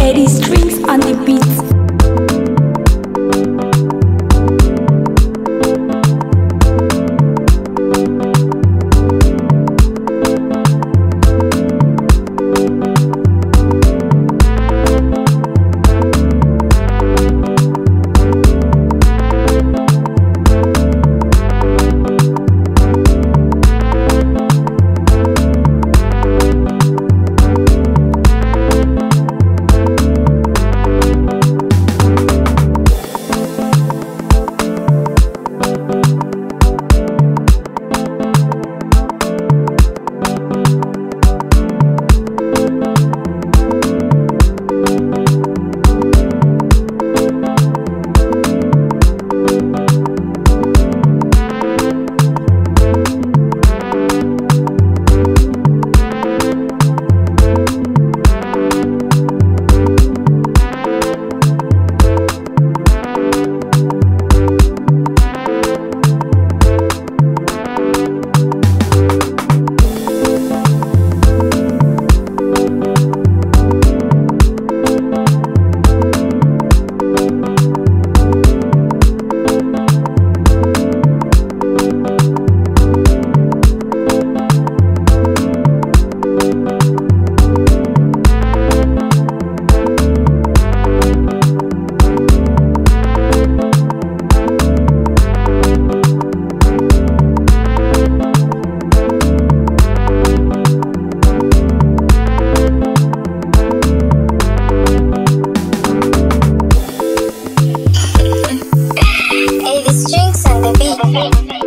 Eddie's Street. motherfucker.